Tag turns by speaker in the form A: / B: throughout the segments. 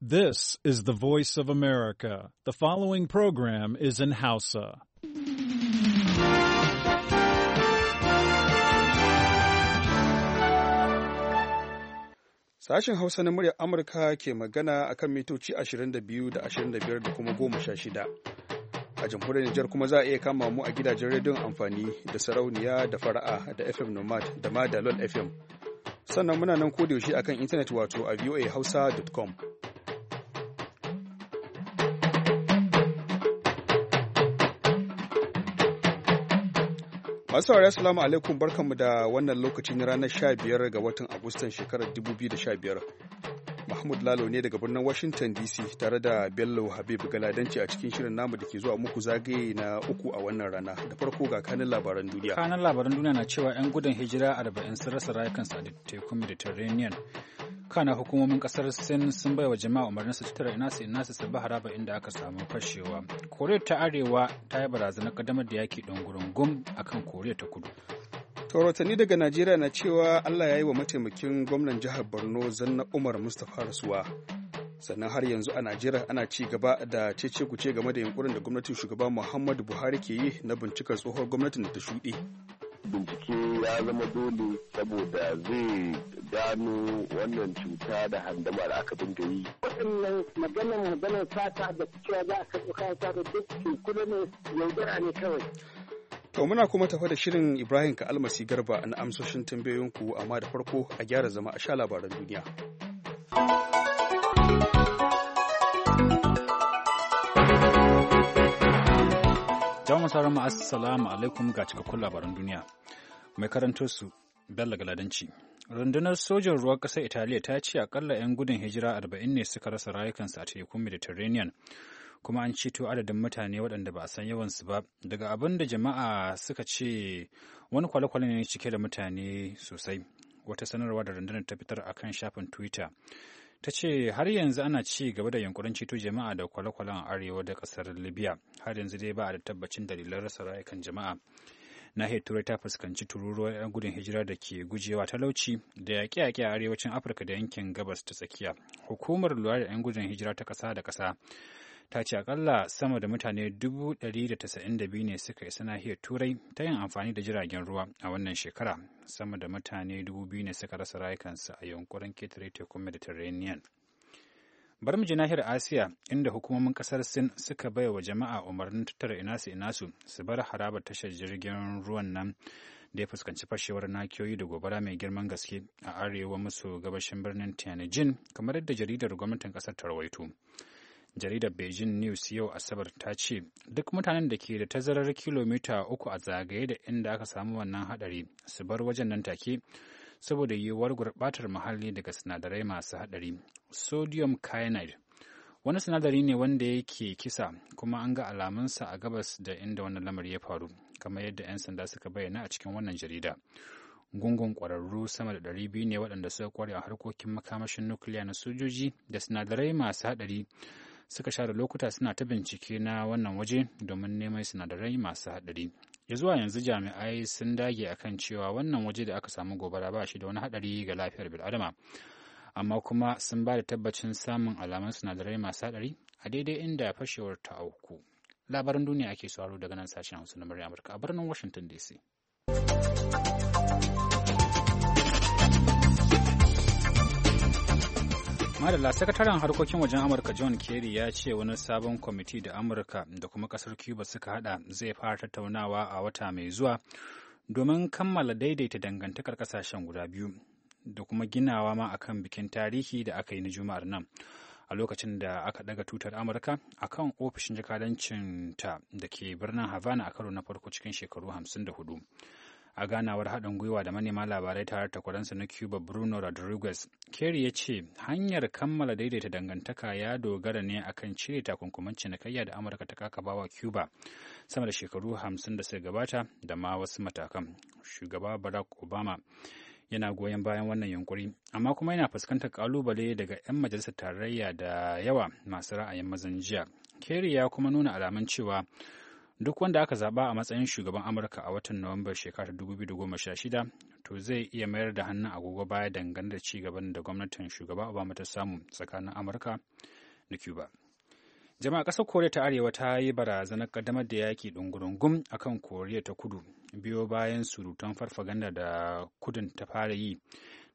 A: This is the voice of America. The following program is in
B: Hausa. Sashen Hausa na muryar Amurka ke magana akan mitoci 22 da 25 da kuma 16. A jamhuriyar Nijar kuma za a iya kama mu a gidajen rediyon amfani da sarauniya da fara'a da FM Nomad da ma da FM. Sannan muna nan kodayaushe akan intanet wato a voahausa.com. Masu saurari assalamu alaikum barkanmu da wannan lokacin ranar 15 ga watan Agustan shekarar 2015. Mahmud Lalo ne daga birnin Washington DC tare da Bello Habib Galadanci a cikin shirin namu da ke zuwa muku zagaye na uku a wannan rana. Da farko ga kanin labaran duniya.
C: Kanin labaran duniya na cewa 'yan gudun hijira 40 sun rasa rayukansu a tekun Mediterranean. kana hukumomin kasar sin sun baiwa jama'a umarnin su tattara ina su ina su sabbin haraba inda aka samu fashewa koriya ta arewa ta yi barazanar kadamar da yaki gum a kan koriya ta kudu
B: rahotanni daga najeriya na cewa allah ya yi wa mataimakin gwamnan jihar borno zanna umar mustapha rasuwa sannan har yanzu a najeriya ana ci gaba da cece kuce game da yunkurin da gwamnatin shugaba muhammadu buhari ke yi na bincikar tsohuwar gwamnatin da ta shuɗe
D: bincike ya zama dole saboda zai gano wannan cuta da handama da aka dinga
B: yi.
A: Waɗannan maganar maganar sata da cewa za a karɓi kayan sata duk kudu ne yaudara ne kawai.
B: To muna kuma tafa da shirin Ibrahim ka almasi garba na amsoshin tambayoyinku amma da farko a gyara zama a sha labaran duniya.
C: Jama'a sauran mu assalamu alaikum ga cikakkun labaran duniya. Mai karanto su Bello Galadanci. Rundunar sojan ruwan kasar Italiya ta ce akalla 'yan gudun hijira 40 ne suka rasa rayukansu a tekun Mediterranean. kuma an ceto adadin mutane waɗanda ba a san yawansu ba daga abin da jama'a suka ce wani kwale-kwale ne cike da mutane sosai wata sanarwa da rundunar ta fitar a kan shafin twitter ta ce har yanzu ana ci gaba da yankurin ceto jama'a da kwale-kwalen arewa da kasar libya har yanzu dai ba a da tabbacin dalilan rasa rayukan jama'a nahiyar turai ta fuskanci tururuwar 'yan gudun hijira da ke gujewa talauci da yaƙe-yaƙe a arewacin afirka da yankin gabas ta tsakiya hukumar lura da 'yan gudun hijira ta ƙasa da ƙasa ta ce akalla sama da mutane 192 ne suka isa nahiyar turai ta yin amfani da jiragen ruwa a wannan shekara sama da mutane 2000 ne suka rasa rayukansu a yankuran ketare tekun mediterranean bar mu nahiyar asiya inda hukumomin kasar sin suka baiwa wa jama'a umarnin tattara inasu inasu su bar harabar tashar jirgin ruwan nan da ya fuskanci fashewar nakiyoyi da gobara mai girman gaske a arewa maso gabashin birnin tianjin kamar yadda jaridar gwamnatin kasar ta rawaito jaridar beijing news yau asabar ta ce duk mutanen da ke da tazarar kilomita uku a zagaye da inda aka samu wannan hadari su bar wajen nan take saboda yiwuwar gurbatar muhalli daga sinadarai masu hadari sodium cyanide wani sinadari ne wanda yake kisa kuma an ga alamunsa a gabas da inda wannan lamari ya faru kamar yadda 'yan sanda suka bayyana a cikin wannan jarida gungun ƙwararru sama da ɗari biyu ne waɗanda suka kware a harkokin makamashin nukiliya na sojoji da sinadarai masu haɗari suka share lokuta suna ta bincike na wannan waje domin neman sinadarai masu haɗari. Ya zuwa yanzu jami'ai sun dage akan cewa wannan waje da aka samu gobara ba shi da wani haɗari ga lafiyar bil'adama. Amma kuma sun ba da tabbacin samun alamun sinadarai masu haɗari a daidai inda fashewar ta auku. Labaran duniya ake sauraro daga nan sashen Hausa na Amurka a birnin Washington DC. madalla sakataren harkokin wajen amurka john kerry ya ce wani sabon kwamiti da amurka da kuma kasar cuba suka hada zai fara tattaunawa a wata mai zuwa domin kammala daidaita dangantakar kasashen guda biyu da kuma ginawa ma akan bikin tarihi da aka yi na juma'ar nan a lokacin da aka daga tutar amurka a kan ofishin jakadancin ta da ke birnin havana a karo na farko cikin shekaru hamsin da hudu. a ganawar haɗin gwiwa da manema labarai tare da kwaransa na cuba bruno rodriguez kerry ya ce hanyar kammala daidaita dangantaka ya dogara ne a kan cire takunkuman cinikayya da amurka ta kakabawa cuba sama da shekaru hamsin da suka gabata da ma wasu matakan shugaba barack obama yana goyon bayan wannan yunkuri amma kuma yana fuskantar kalubale daga 'yan majalisar tarayya da yawa masu ra'ayin mazan jiya kerry ya kuma nuna alamun cewa duk wanda aka zaba a matsayin shugaban amurka a watan nuwambar shekarar 2016 to zai iya mayar da hannun agogo baya dangane da cigaban da gwamnatin shugaba obama ta samu tsakanin amurka da cuba jama'a ƙasar koriya ta arewa ta yi barazanar kaddamar da yaƙi ɗungurungum a kan koriya ta kudu biyo bayan surutan farfaganda da kudin ta fara yi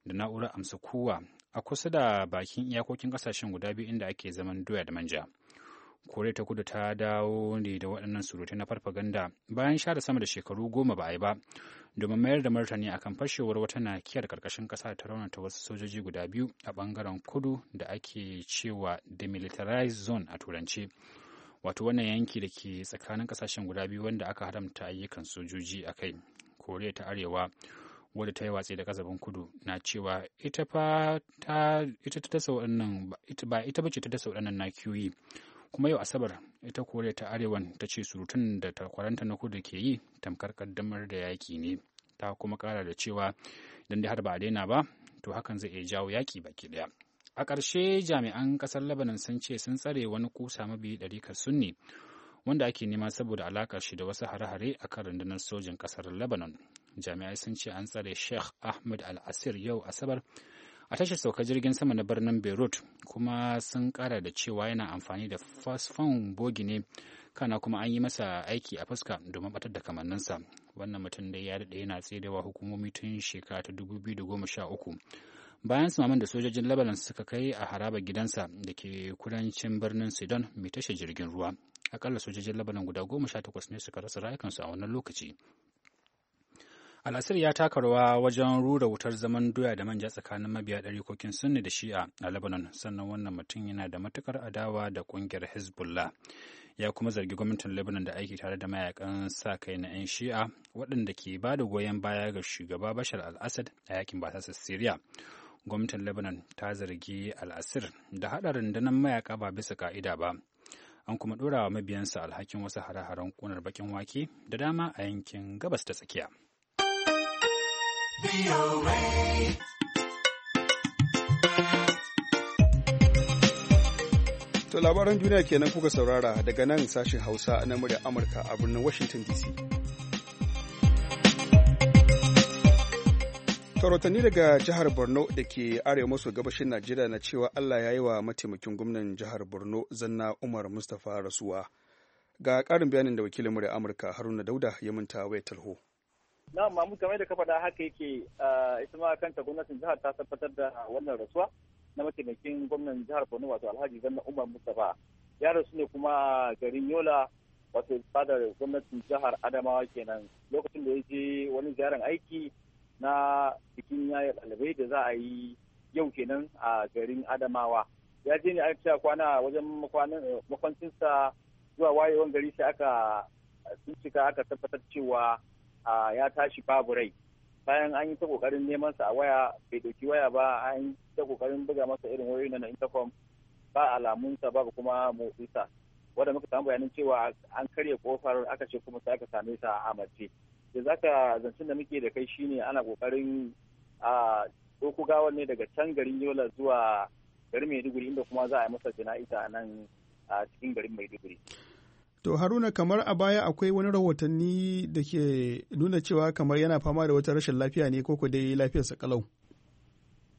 C: da na'urar amsa kowa a kusa da bakin iyakokin ƙasashen guda biyu inda ake zaman doya da manja koriya ta kudu ta dawo ne da waɗannan surutai na farfaganda bayan sha da sama da shekaru goma ba a yi ba domin mayar da martani akan fashewar wata nakiyar karkashin ƙasa ta raunata wasu sojoji guda biyu a ɓangaren kudu da ake cewa demilitarized zone a turance wato wannan yanki da ke tsakanin ƙasashen guda biyu wanda aka haramta ayyukan sojoji a kai koriya ta arewa wadda ta yi watsi da kasafin kudu na cewa ita fa ita ba ita bace ta dasa waɗannan na nakiyoyi kuma yau asabar ita koriya ta arewan ta ce surutun da takwaranta na kudu ke yi tamkar kaddamar da yaki ne ta kuma kara da cewa idan dai har ba a daina ba to hakan zai iya jawo yaki baki daya a ƙarshe jami'an ƙasar lebanon sun ce sun tsare wani kusa ɗari ka sunni wanda ake nema saboda alakar shi da wasu hare-hare a kan rundunar sojin ƙasar lebanon jami'ai sun ce an tsare sheikh ahmed al-asir yau asabar a tashar sauka jirgin sama na birnin beirut kuma sun kara da cewa yana amfani da fasfon bogi ne kana kuma an yi masa aiki a fuska domin batar da kamanninsa wannan mutum da ya daɗe yana tserewa hukumomi tun shekara ta 2013 bayan samaman da sojojin lebanon suka kai a haraba gidansa da ke kudancin birnin sudan mai tashar jirgin ruwa akalla sojojin lebanon guda goma sha takwas ne suka rasa rayukansu a wannan lokaci Al'asir ya taka rawa wajen rura wutar zaman doya da manja tsakanin mabiya ɗarikokin sunni da shi'a a Lebanon, sannan wannan mutum yana da matukar adawa da ƙungiyar Hezbollah. Ya kuma zargi gwamnatin Lebanon da aiki tare da mayakan sa kai na 'yan shi'a waɗanda ke ba da goyon baya ga shugaba Bashar al-Assad a yakin basasar Siriya. Gwamnatin Lebanon ta zargi al'asir da haɗa rundunar mayaka ba bisa ka'ida ba, an kuma ɗora wa mabiyansa alhakin wasu hare-haren ƙunar baƙin wake da dama a yankin gabas ta tsakiya.
B: To labaran duniya kenan kuka saurara daga nan sashen Hausa na murya Amurka a birnin Washington DC. Sarautanni daga jihar Borno da ke arewa maso gabashin Najeriya na cewa Allah ya yi wa mataimakin gwamnan jihar Borno zanna Umar Mustapha rasuwa. Ga ƙarin bayanin da wakilin murya Amurka Haruna Dauda ya minta waya talho.
E: na mamu kamar da ka da haka yake ita ma kanta gwamnatin jihar ta tabbatar da wannan rasuwa na mataimakin gwamnan jihar Borno wato Alhaji Zanna Umar Mustafa ya rasu ne kuma garin Yola wato fadar gwamnatin jihar Adamawa kenan lokacin da ya je wani ziyaran aiki na bikin yaya ɗalibai da za a yi yau kenan a garin Adamawa ya je ne a cewa kwana wajen eh, makwancinsa zuwa wayewan gari sai aka cika aka tabbatar cewa ya tashi babu rai bayan an yi ta kokarin neman sa a waya bai dauki waya ba an yi ta kokarin buga masa irin wayoyi na intercom ba alamun sa babu kuma sa wanda muka samu bayanin cewa an karya kofar aka ce kuma sai aka same sa a mace da zaka zancen da muke da kai shine ana kokarin a doku ga ne daga can garin yola zuwa garin maiduguri inda kuma za a yi masa jana'iza a nan a cikin garin maiduguri
B: To Haruna kamar a baya akwai wani rahotanni da ke nuna cewa kamar yana fama da wata rashin lafiya ne ko dai lafiyarsa kalau.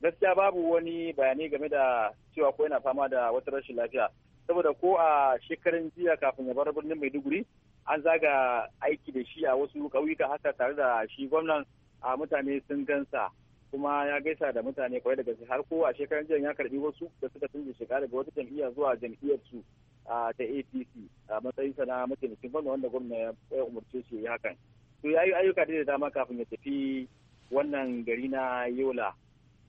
E: Gaskiya babu wani bayani game da cewa ko yana fama da wata rashin lafiya. Saboda ko a shekarun jiya kafin ya bar birnin Maiduguri an zaga aiki da shi a wasu ƙauyuka haka tare da shi gwamnan a mutane sun gansa kuma ya gaisa da mutane kwarai da gaske har kowa shekaran jiya ya karbi wasu da suka canza shiga daga wata jam'iyya zuwa jam'iyyar su ta APC a matsayin sa na mataimakin gwamna wanda gwamna ya umarce shi ya hakan to ya ayyuka da dama kafin ya tafi wannan gari na Yola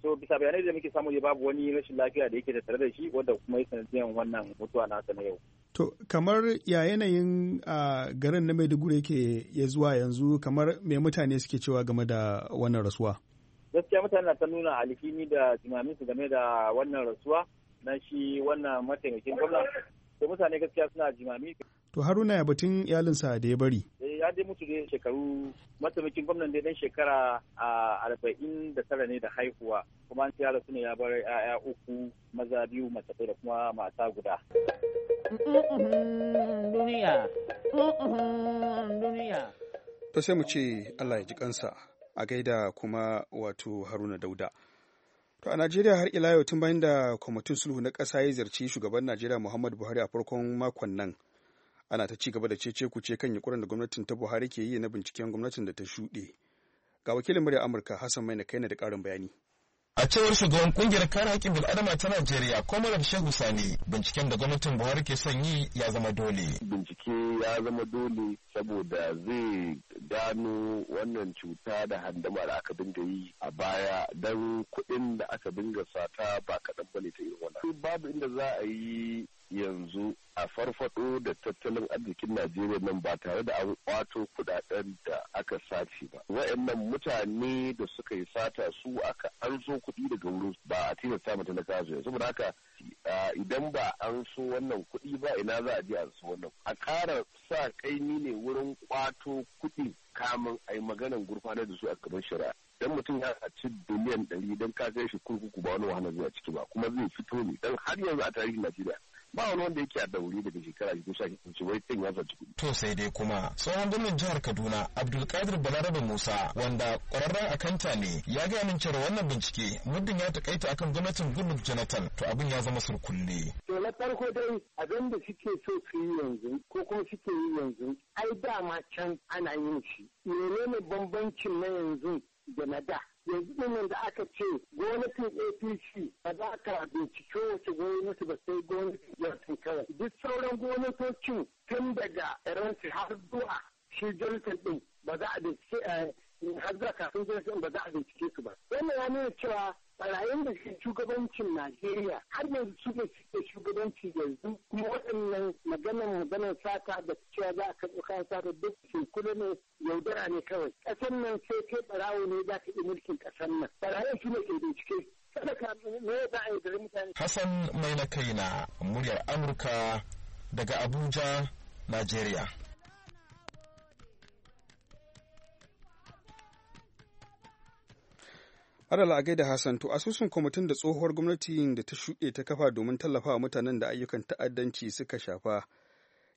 E: to bisa bayanai da muke samu ne babu wani rashin lafiya da yake tattare da shi wanda kuma ya sanadiyan wannan mutuwa nasa na yau
B: To kamar ya yanayin a garin na Maiduguri yake ya zuwa yanzu kamar me mutane suke cewa game da wannan rasuwa?
E: gaskiya mutane na ta nuna alhini da tunaninsu game da wannan rasuwa na shi wannan mataimakin gwamna to mutane gaskiya suna jimami
B: to haruna ya batun iyalinsa da ya bari
E: eh, ya dai mutu dai shekaru mataimakin gwamnan dai dan shekara a arba'in da tara ne da haihuwa kuma an tiyara suna ne ya bar ya'ya uku maza biyu mace da kuma mata guda
A: duniya duniya
B: to sai mu ce allah ya ji kansa a gaida kuma wato haruna dauda to a najeriya har ila yau tun bayan da kwamitin sulhu na ƙasa ya ziyarci shugaban najeriya muhammadu buhari a farkon makon nan ana ta ci gaba da cece kuce kan yunkurin da gwamnatin ta buhari ke yi na binciken gwamnatin da ta shuɗe ga wakilin murya amurka hassan mai na kai da ƙarin bayani
D: A cewar shugaban kungiyar kare haƙƙin bil'adama ta Najeriya, Kwamarar Shehu Sani, binciken da gwamnatin Buhari ke son yi ya zama dole. Bincike ya zama dole saboda zai gano wannan cuta da handama da aka dinga yi a baya don kuɗin da aka dinga sata ba kaɗan bane ta irin wannan. Babu inda za a yi yanzu a farfado da tattalin arzikin Najeriya nan ba tare da an kwato kudaden da aka sace ba. Wa'annan mutane da suka yi sata su aka an zo kuɗi daga wurin ba a tilasta mata na kazo Yanzu haka idan ba an so wannan kuɗi ba ina za a je a so wannan a ƙara sa kaini ne wurin kwato kuɗi kamun a yi maganan gurfanar da su a gaban shari'a. dan mutum ya ci biliyan ɗari don ka kai shi kurkuku ba wani wahala zuwa ciki ba kuma zai fito ne dan har yanzu a tarihin Najeriya ba wani wanda yake a dauri daga shekara ko sha shi wai ya zaci kuɗi. To sai dai kuma tsohon gwamnan jihar Kaduna Abdulkadir Balarabe Musa wanda ƙwararren akanta ne ya gaya min cewa wannan bincike muddin ya takaita akan gwamnatin gudun Jonathan to abin ya zama surkulle.
A: To na farko dai abin da suke so su yi yanzu ko kuma suke yi yanzu ai dama can ana yin shi. Menene bambancin na yanzu da na da? yanzu nan da aka ce gwamnatin apc ba za ka bincike wace gwamnati ba sai gwamnatin jihar kawai duk sauran gwamnatocin tun daga ranci har zuwa shi jonathan din ba za a bincike eh, har zuwa kafin jonathan ba za a bincike su ba wannan ya nuna cewa barayin da ke shugabancin Najeriya har yanzu suke cike shugabanci yanzu kuma waɗannan maganar maganar sata da cewa za a karɓi kayan sata duk su kula ne yaudara ne kawai ƙasar nan sai kai barawo ne za ka yi mulkin ƙasar nan barayin su ne ke bincike ne za a yi da mutane. Hassan mai na kaina
D: muryar Amurka daga Abuja, Najeriya.
B: Adala a gaida Hassan to asusun kwamitin da tsohuwar gwamnati da ta shuɗe ta kafa domin tallafa wa mutanen da ayyukan ta'addanci suka shafa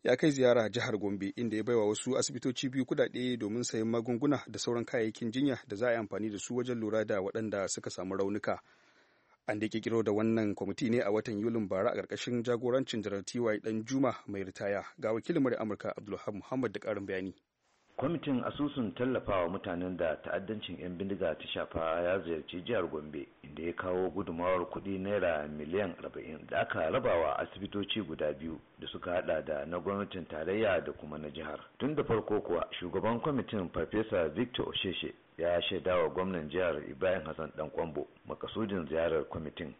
B: ya kai ziyara jihar Gombe inda ya baiwa wasu asibitoci biyu kudade domin sayan magunguna da sauran kayayyakin jinya da za a yi amfani da su wajen lura da waɗanda suka samu raunuka. An da kirkiro da wannan kwamiti ne a watan Yulin bara a ƙarƙashin jagorancin Janar T.Y. juma mai ritaya ga wakilin Amurka Abdulhamid Muhammad da ƙarin bayani. kwamitin asusun tallafawa mutanen da ta'addancin 'yan bindiga ta shafa
F: ya ziyarci jihar gombe inda ya kawo gudumawar kuɗi naira miliyan 40 da aka rabawa asibitoci guda biyu da suka hada da na gwamnatin tarayya da kuma na jihar tun da farko kuwa shugaban kwamitin farfesa victor osheshe ya shaidawa gwamnan jihar ibrahim hassan dan kwambo makasudin ziyarar kwamitin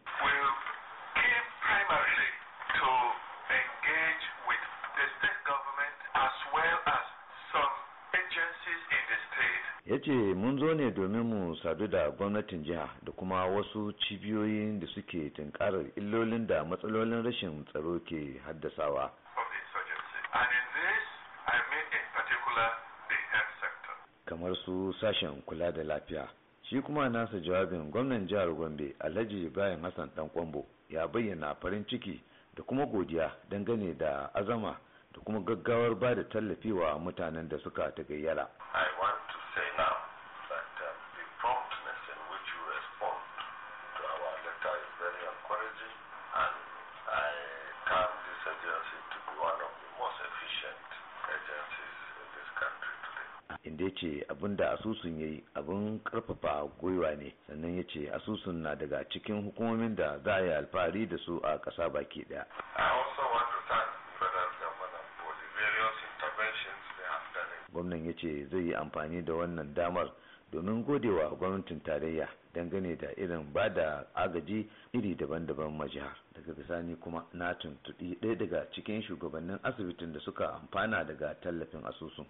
F: ya ce mun zo ne domin mu sadu da gwamnatin jiha da kuma wasu cibiyoyin da suke tunkarar illolin da matsalolin rashin tsaro ke haddasawa kamar su sashen kula da lafiya shi kuma nasa jawabin gwamnan jihar gombe alhaji ibrahim hassan dan kwambo ya bayyana farin ciki da kuma godiya dangane da azama da kuma gaggawar ba da tallafi wa mutanen da suka tagayyara. a asusun ya yi abin karfafa gwiwa ne sannan ya ce asusun na daga cikin hukumomin da za a yi alfahari da su a ƙasa baki ɗaya. Gwamnan ya ce zai yi amfani da wannan damar domin godewa gwamnatin tarayya dangane da irin ba da agaji iri daban-daban ma jihar daga bisani kuma na tuntuɗi ɗaya daga cikin shugabannin asibitin da suka amfana daga tallafin asusun.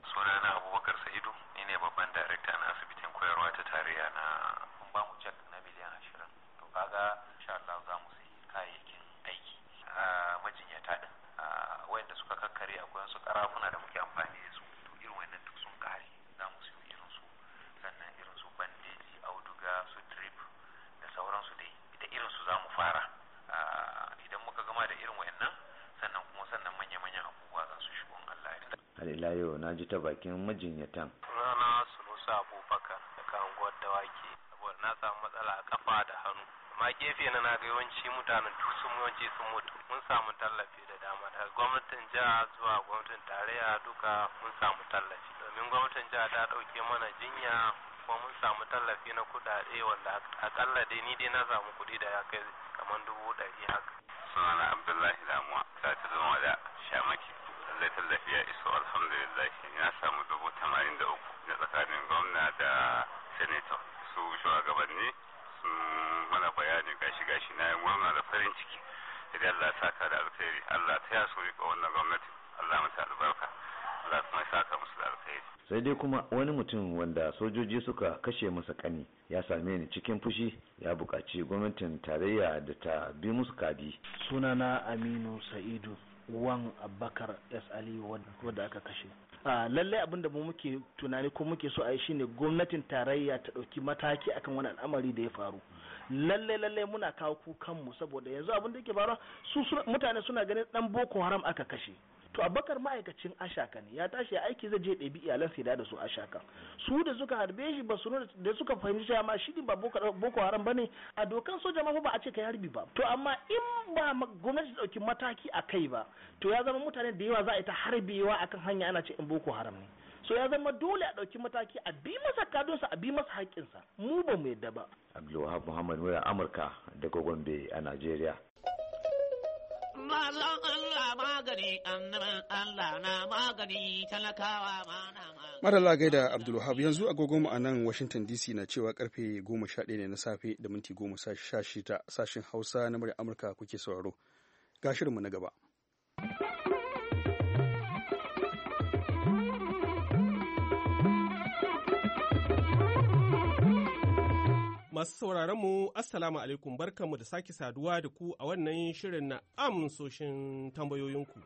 F: ta bakin majinyatan.
G: Rana Sunusa Abubakar daga da Dawaki saboda na samu matsala a kafa da hannu. Amma gefe na na ga yawanci mutanen duk sun yawanci sun mutu mun samu tallafi da dama daga gwamnatin jiha zuwa gwamnatin tarayya
F: duka mun samu tallafi.
G: Domin gwamnatin jiha ta ɗauke mana jinya kuma mun samu tallafi na kuɗaɗe wanda
F: akalla dai ni dai na samu
G: kuɗi da ya kai kamar dubu ɗari haka.
F: Sunana Abdullahi Lamuwa, ta zama da Shamaki. lallai tallafi ya iso alhamdulillah ya
G: samu dubu tamanin da uku na tsakanin gwamna da senator su shugabanni sun mana bayani gashi gashi na yin gwamna da farin ciki idan Allah saka
F: da alkhairi Allah ta ya so wannan gwamnati Allah mata albarka Allah kuma saka musu da alkhairi sai dai kuma wani mutum wanda sojoji suka kashe masa kani ya same ni cikin fushi ya buƙaci gwamnatin tarayya da ta bi musu kadi sunana
E: Aminu Sa'idu wan abakar s ali wadda aka kashe lallai abin da mu muke tunani ko muke so a yi shine gwamnatin tarayya ta ɗauki mataki akan wani al'amari da ya faru lallai lallai muna kawo kukanmu saboda yanzu abin da yake faruwa su mutane suna ganin dan boko haram aka kashe to abakar ma'aikacin ashaka ne ya tashi ya aiki zai je ɗabi iyalan sai da su ashaka su da suka harbe shi ba su da suka fahimci cewa ma shi ba boko haram ba ne a dokan soja ma ba a ce kai harbi ba to amma in ba gwamnati ɗauki mataki a kai ba to ya zama mutane da yawa za a yi ta harbewa akan hanya ana ce in boko haram ne so ya zama dole a ɗauki mataki a bi masa kadonsa a bi masa haƙƙinsa mu ba mu yadda ba
F: abdulwahab muhammad muna amurka daga gombe a najeriya
A: Mazan Allah magani, annaban Allah na magani, talakawa ma
B: na magani. Madalla gaida Abdulwahab yanzu agogon mu a nan Washington DC na cewa karfe 11 ne na safe da minti 16 sashen Hausa na murya Amurka kuke sauraro. Ga shirinmu na gaba.
H: Masu sauraron mu Assalamu alaikum barkanmu da sake saduwa da ku a wannan shirin na amsoshin tambayoyinku.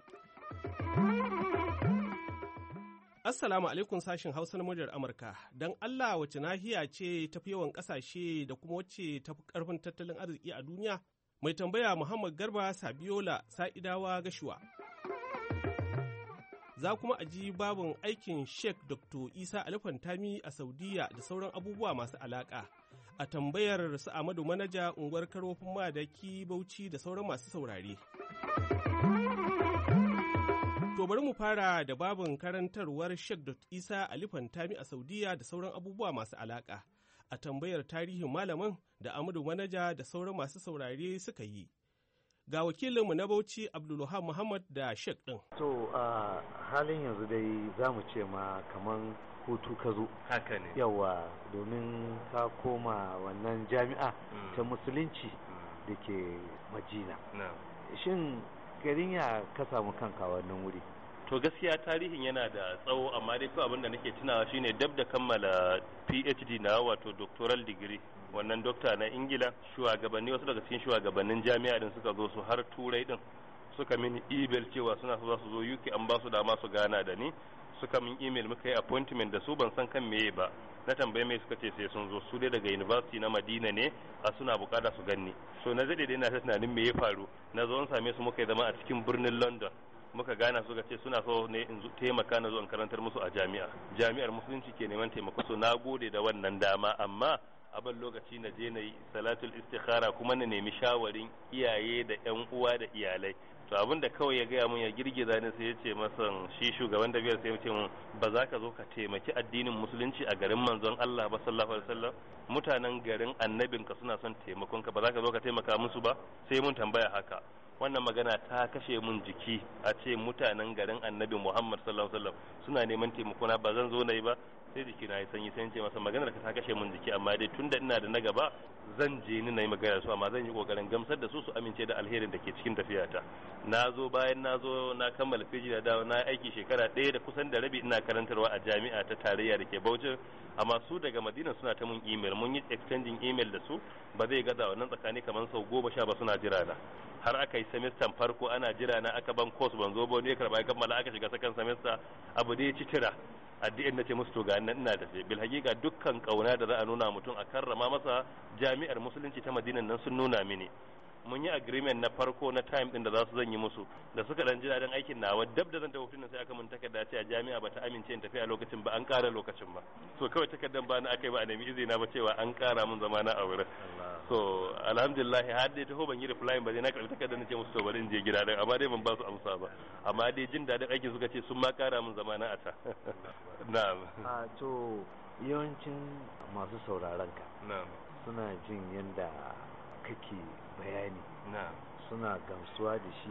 H: Assalamu alaikum sashin Hausa na muryar Amurka. Don Allah wace nahiya ce tafi yawan ƙasashe da kuma wacce tafi ƙarfin tattalin arziki a duniya? Mai tambaya Muhammad Garba Sabiola Sa'idawa Gashuwa. Za kuma a ji babin aikin Sheikh Dr. Isa Alifantami a Saudiya da sauran abubuwa masu alaƙa. a tambayar su Amadu Manaja unguwar Karofin Madaki Bauchi da sauran masu saurare. To bari mu fara da babin karantarwar Sheikh Isa Ali Fantami a Saudiya da sauran abubuwa masu alaka a tambayar tarihin malamin da Amadu Manaja da sauran masu saurare suka yi. ga wakilinmu na bauchi abdulluhan muhammad da shek din to a halin yanzu dai za mu ce ma
F: kaman hutu ka zo haka ne yawa domin ka koma wannan jami'a mm. ta musulunci mm. da ke majina shin garin ya ka samu kanka wannan wuri
G: to gaskiya tarihin yana da tsawo amma dai kawai abin da nake tunawa shine dab da kammala phd na wato doctoral degree wannan dokta na ingila shugabanni wasu daga cikin shugabannin jami'a din suka zo su har turai din suka mini email cewa suna so za su zo UK an ba su dama su gana da ni suka min email muka yi appointment da su ban san kan meye ba na tambaye mai suka ce sai sun zo su dai daga university na Madina ne a suna bukata su ganni so na zade dai na ta tunanin me ya faru na zo an same su muka yi zama a cikin birnin London muka gana suka ce suna so ne in taimaka na zo in karantar musu a jami'a jami'ar musulunci ke neman taimako so na gode da wannan dama amma aban lokaci na je na yi salatul istikhara kuma na nemi shawarin iyaye da yan uwa da iyalai to abin da kawai ya gaya mun ya girgiza ni sai ya ce masa shi shugaban da biyar sai ya ce mun ba za ka zo ka taimaki addinin musulunci a garin manzon Allah ba sallallahu alaihi wasallam mutanen garin annabin ka suna son taimakon ka ba za ka zo ka taimaka musu ba sai mun tambaya haka wannan magana ta kashe mun jiki a ce mutanen garin annabi Muhammad sallallahu alaihi wasallam suna neman taimako na ba zan zo nayi ba sai jiki na yi sanyi sai ce masa maganar ka ta kashe mun jiki amma dai tunda ina da na gaba zan je ni na yi magana su amma zan yi kokarin gamsar da su su amince da alherin da ke cikin tafiyata na zo bayan na zo na kammala fiji da dawo na aiki shekara ɗaya da kusan da rabi ina karantarwa a jami'a ta tarayya da ke Bauchi amma su daga Madina suna ta mun email mun yi exchanging email da su ba zai gaza wannan tsakani kamar sau goma sha ba suna jira na har aka yi semester farko ana jira na aka ban course ban zo ba ne karba ya kammala aka shiga second semester abu da ya ci tira addu'in nace musu to ga nan ina da bil hakika dukkan kauna da za a nuna mutum a karrama masa jami'ar musulunci ta madinan nan sun nuna mini mun yi agreement na farko na time din da za su zanyi musu da suka dan ji dadin aikin nawa dab da zan tafi hutun sai aka mun takarda ce a jami'a bata amince in tafi a lokacin ba an ƙara lokacin ba so kawai takardan ba na akai ba a nemi izina ba cewa an ƙara mun zamana a wurin so alhamdulillah har dai taho ban yi reply ba dai na karbi takardan na ce musu to bari in je gida dan amma dai ban ba su amsa ba amma dai jin dadin aikin suka ce sun ma ƙara mun zamana a ta na'am a
F: to yawancin masu sauraron ka suna jin yanda kake bayani suna gamsuwa da shi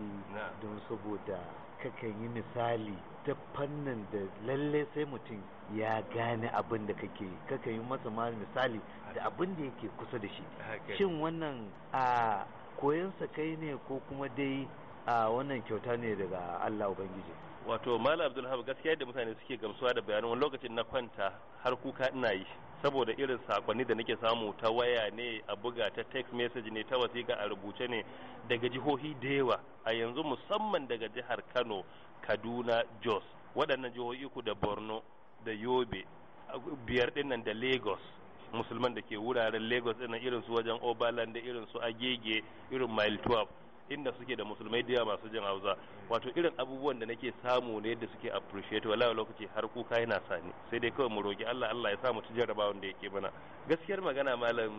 F: don saboda kakan yi misali ta fannin da lalle sai mutum ya gane abin da kake kakan yi masa misali da abin da yake kusa da shi shin wannan a kai ne ko kuma dai a wannan kyauta ne daga Allah Ubangiji
G: wato malam Abdul abdulhab gaskiya da mutane suke gamsuwa da bayanin wani lokacin na kwanta har kuka ina yi saboda irin sakonni da nake samu ta waya ne a buga ta text message ne ta wasiƙa a rubuce ne daga jihohi da yawa a yanzu musamman daga jihar kano kaduna jos waɗannan jihohi ku da borno da yobe biyar dinnan da lagos musulman da ke wuraren lagos ɗin irin su wajen oberland da irin su agege irin mile 12 inda suke da musulmai da masu jin hausa wato irin abubuwan da nake samu ne da suke appreciate wala lokaci har kuka yana sani sai dai kawai mu roki Allah Allah ya sa mu ci jarrabawan da yake mana gaskiyar magana malam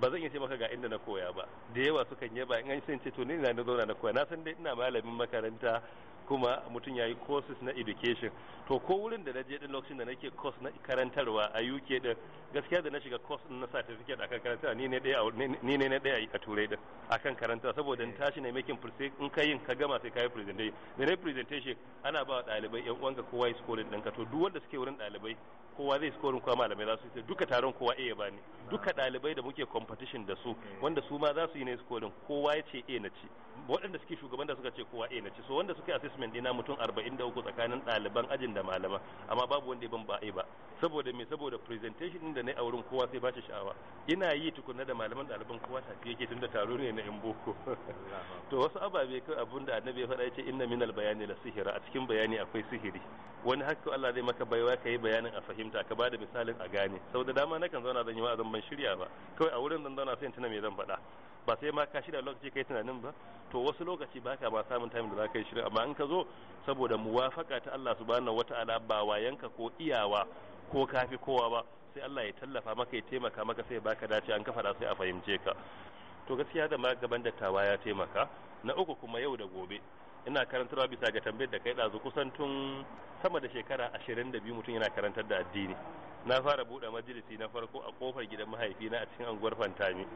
G: ba zan iya ce maka ga inda na koya ba da yawa sukan yaba in an ce to ni na zauna na koya na san dai ina malamin makaranta kuma mutum ya yi courses na education to ko wurin da na je din lokacin da nake course na karantarwa a UK din gaskiya da na shiga course na certificate akan karantarwa ni ne daya ni ne na daya a turai din akan karanta saboda in tashi ne making presentation in ka yin ka gama sai ka yi presentation da ne presentation ana ba ɗalibai yan uwanka kowa yi scoring ɗinka to duk wanda suke wurin ɗalibai kowa zai scoring kowa malamai za su yi duka taron kowa A ya bani duka dalibai da muke competition da su mm. wanda su ma za su yi ne scoring kowa ya ce A na ci waɗanda suke shugaban da suka ce kowa A na ci so wanda suke assessment dina mutum 43 tsakanin ɗaliban ajin da malama amma babu wanda ya ban ba A ba saboda me saboda presentation din da na a wurin kowa sai ba shi sha'awa ina yi tukunna da malaman ɗaliban kowa tafi yake tunda taro ne na in boko to wasu ababe kai abun da annabi ya faɗa ya ce inna minal bayani la sihira a cikin bayani akwai sihiri wani hakku Allah zai maka baiwa kai bayanin a fahimta fahimta ka bada misalin a gane saboda dama nakan zauna zan yi wa'azin ban shirya ba kawai a wurin zan zauna sai in tuna me zan faɗa ba sai ma ka shirya lokaci kai tunanin ba to wasu lokaci ba ka ba samun time da za ka yi shirya amma in ka zo saboda muwafaka ta Allah subhanahu wataala ba yanka ko iyawa ko kafi kowa ba sai Allah ya tallafa maka ya taimaka maka sai baka dace an ka faɗa sai a fahimce ka to gaskiya da ma gaban dattawa ya taimaka na uku kuma yau da gobe ina karantarwa bisa ga tambayar da kai ɗazu kusan tun sama da shekara ashirin da biyu mutum yana karantar da addini na fara buɗe majalisi na farko a kofar gidan mahaifi na a cikin anguwar fantami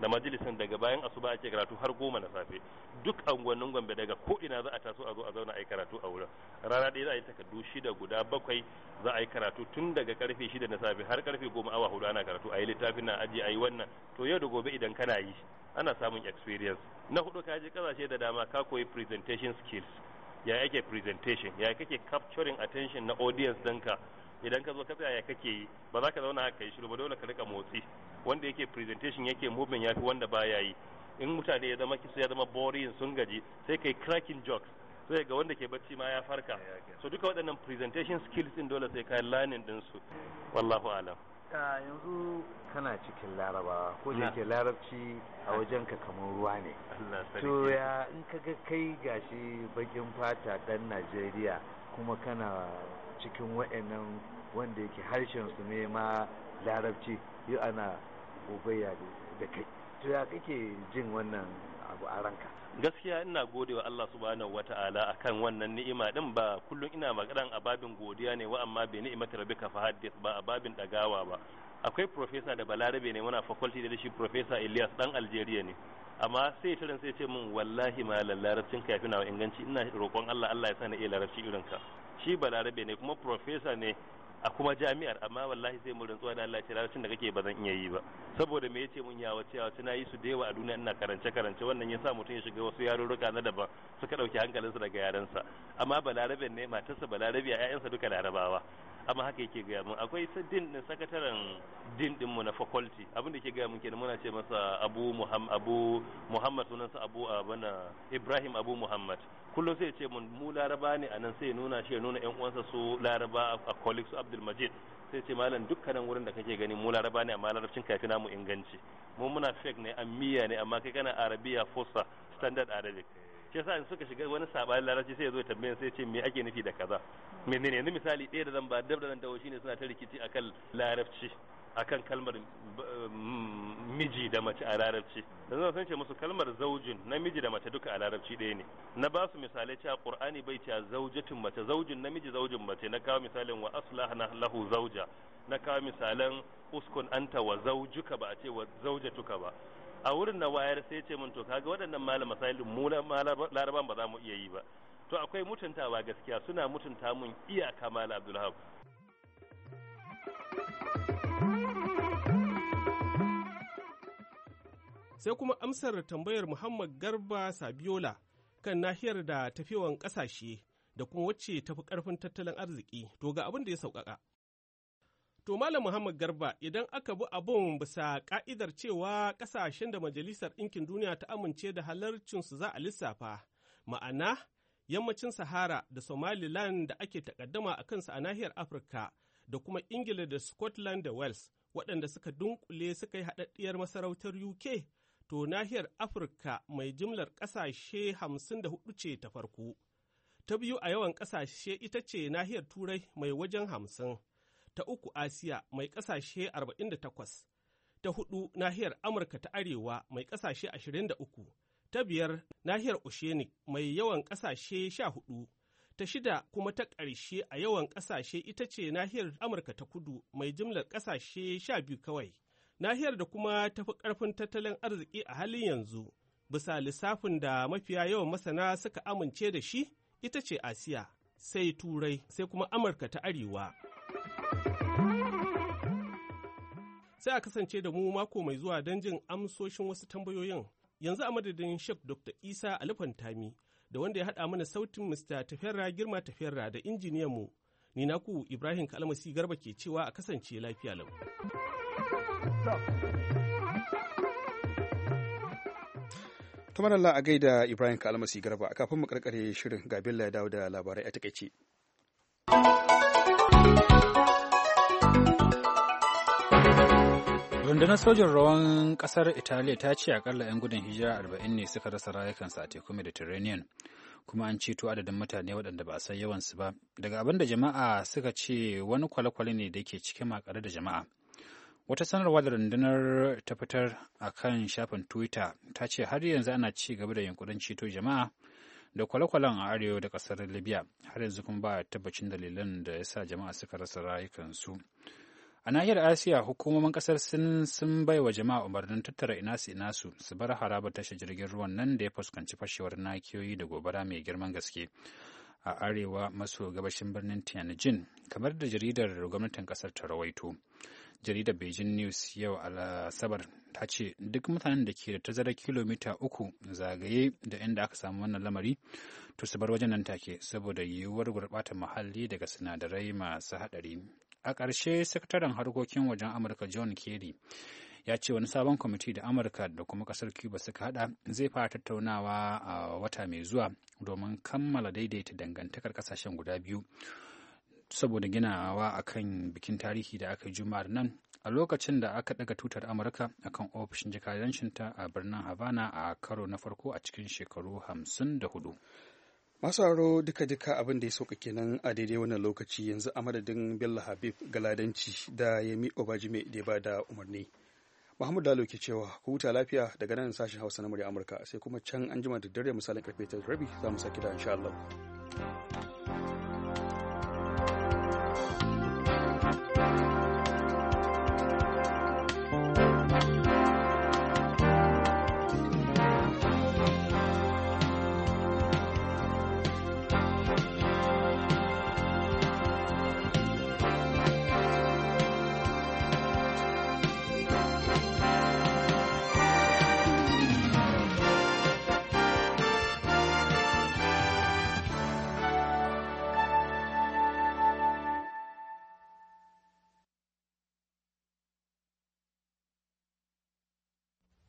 G: da majalisin daga bayan asuba ake karatu har goma na safe duk anguwannin gombe daga ko ina za a taso a zo a zauna a yi karatu a wurin rana ɗaya za a yi takardu shida guda bakwai za a yi karatu tun daga karfe shida na safe har karfe goma awa hudu ana karatu a yi littafin na aji a yi wannan to yau da gobe idan kana yi ana samun experience na hudu ka je kasashe da dama ka koyi presentation skills ya yake presentation ya kake capturing attention na audience ɗinka idan ka zo ka tsaya ya kake yi ba za ka zauna haka yi shiru ba dole ka rika motsi wanda yake presentation yake movement fi wanda baya yi in mutane ya zama kisa ya zama boring sun gaji sai kai cracking jokes sai ga wanda ke bacci ma ya farka so duka waɗannan presentation skills din dole sai ka learning din su wallahu alam
F: a yanzu
G: kana cikin larabawa
F: ko da ke larabci a wajen ka kamar ruwa ne to ya in ka ga kai gashi bakin fata dan najeriya kuma kana cikin wa'annan wanda yake harshen su ne ma larabci yi ana gogayya da kai to ya kake jin wannan abu
G: a ranka gaskiya ina godewa Allah subhanahu wata'ala akan wannan ni'ima din ba kullum ina magana a babin godiya ne wa amma bi ni'imati rabbika fa haddith ba a babin dagawa ba akwai professor da balarabe ne muna faculty da shi professor Elias dan Algeria ne amma sai tirin sai ce min wallahi ma larabcin ka yafi nawa inganci ina roƙon Allah Allah ya sa na iya larabci irin ka shi balarabe ne kuma professor ne a kuma jami'ar amma wallahi sai mu tsohon da Allah ce larabcin da kake ba zan iya yi ba saboda me yace mun ya wace wace na yi su da yawa a duniya ina karance karance wannan ya sa mutum ya shiga wasu yarurruka na daban suka dauki hankalinsa daga yarensa amma balarabe ne matarsa balarabe ƴaƴansa duka larabawa amma haka yake gaya mun akwai din din sakataren din din mu na faculty abin da yake gaya mun kenan muna ce masa Abu Muhammad Abu Muhammad sunansa Abu Abana Ibrahim Abu Muhammad kullum sai ya ce mun mu Laraba ne anan sai nuna shi nuna ƴan uwansa su Laraba a colleagues Abdul Majid sai ce malam dukkanin wurin da kake gani mu Laraba ne amma larabcin kafi namu inganci mu muna fake ne miya ne amma kai kana Arabiya fossa standard Arabic shi yasa in suka shiga wani sabanin larabci sai ya zo tambayan sai ce me ake nufi da kaza menene yanzu misali ɗaya da zan ba dab da zan dawo shine suna ta rikici akan larabci akan kalmar mm, miji da mace a larabci da zan ce musu kalmar zaujin na miji da mace duka a larabci ɗaya ne na ba su misalai cewa qur'ani bai cewa zaujatin mace zaujin namiji zaujin mace na kawo misalin wa aslahna lahu zauja na kawo misalan uskun anta wa zaujuka ba a ce wa zaujatuka ba a wurin na wayar sai ce mun to kaga waɗannan malam masailin mu laraban ba za mu iya yi ba to akwai mutuntawa gaskiya suna mutunta mun iyaka malam abdulhab
H: sai kuma amsar tambayar muhammad garba sabiola kan nahiyar da tafiyawan ƙasashe da kuma wacce tafi ƙarfin tattalin arziki to ga abin da ya sauƙaƙa To Malam Muhammad Garba idan aka bi abun bisa ka'idar cewa ƙasashen da Majalisar Ɗinkin Duniya ta amince da su za a lissafa, ma'ana yammacin Sahara da Somaliland da ake takaddama a kansu a nahiyar Afirka da kuma Ingila da Scotland da Wales waɗanda suka dunkule suka yi haɗaɗɗiyar masarautar UK to nahiyar Afirka mai jimlar ƙasashe hamsin da hudu ce ta farko. Ta biyu a yawan ƙasashe ita ce nahiyar Turai mai wajen hamsin. ta uku Asiya mai ƙasashe 48, ta hudu nahiyar Amurka ta Arewa mai ƙasashe 23, ta biyar nahiyar Oceanic mai yawan ƙasashe 14, ta shida kuma ta ƙarshe a yawan ƙasashe ita ce nahiyar Amurka ta Kudu mai jimlar ƙasashe 12 kawai. Nahiyar da kuma tafi ƙarfin tattalin arziki a halin yanzu, bisa lissafin da mafiya yawan masana suka amince da shi, ita ce Asiya, sai Turai, sai kuma Amurka ta Arewa. sai a kasance da mu mako mai zuwa don jin amsoshin wasu tambayoyin yanzu a madadin shek dr isa alifantami da wanda ya haɗa mana sautin mr tafiyarra girma tafiyarra da injiniyan mu ni naku ibrahim kalmasi garba ke cewa a kasance lafiya lau
B: kamar Allah a gaida Ibrahim Kalmasi Garba a kafin mu karkare shirin ga Bello ya dawo da labarai a takaice.
C: rundunar sojin rawan kasar italiya ta ce akalla 'yan gudun hijira arba'in ne suka rasa rayukansu a teku mediterranean kuma an ceto adadin mutane waɗanda ba a san yawansu ba daga abin da jama'a suka ce wani kwale-kwale ne da ke cikin makare da jama'a wata sanarwa da rundunar ta fitar a kan shafin twitter ta ce har yanzu ana ci gaba da yunkurin ceto jama'a da kwale-kwalen a arewa da kasar libya har yanzu kuma ba tabbacin dalilan da ya sa jama'a suka rasa rayukansu. su A nahiyar Asiya hukumomin kasar Sin sun bai wa jama'a umarnin tattara ina su ina su su bar haraba tashar jirgin ruwan nan da ya fuskanci fashewar nakiyoyi da gobara mai girman gaske. A arewa maso gabashin birnin Tianjin, kamar da jaridar gwamnatin kasar ta rawaito. Jaridar Beijing News yau Asabar ta ce duk mutanen da ke da tazarar kilomita uku zagaye da inda aka samu wannan lamari to su bar wajen nan take saboda yiwuwar gurɓata muhalli daga sinadarai masu haɗari. a ƙarshe sakataren harkokin wajen amurka john kerry ya ce wani sabon kwamiti da amurka da kuma ƙasar cuba suka hada zai fara tattaunawa a wata mai zuwa domin kammala daidaita dangantakar ƙasashen guda biyu saboda ginawa a kan bikin tarihi da aka yi juma'ar nan a lokacin da aka ɗaga tutar amurka akan ofishin jikarancinta a birnin havana a karo na farko a cikin shekaru hamsin da hudu
B: masu aro duka-duka abin da ya sauka kenan a daidai wannan lokaci yanzu a madadin bello habib galadanci da yami obajime da ba da umarni muhammadu dalo ke cewa ku huta lafiya daga nan sashen hausa na murya amurka sai kuma can an jima da dare misalin karfe ta rabi za mu sake da
G: insha Allah.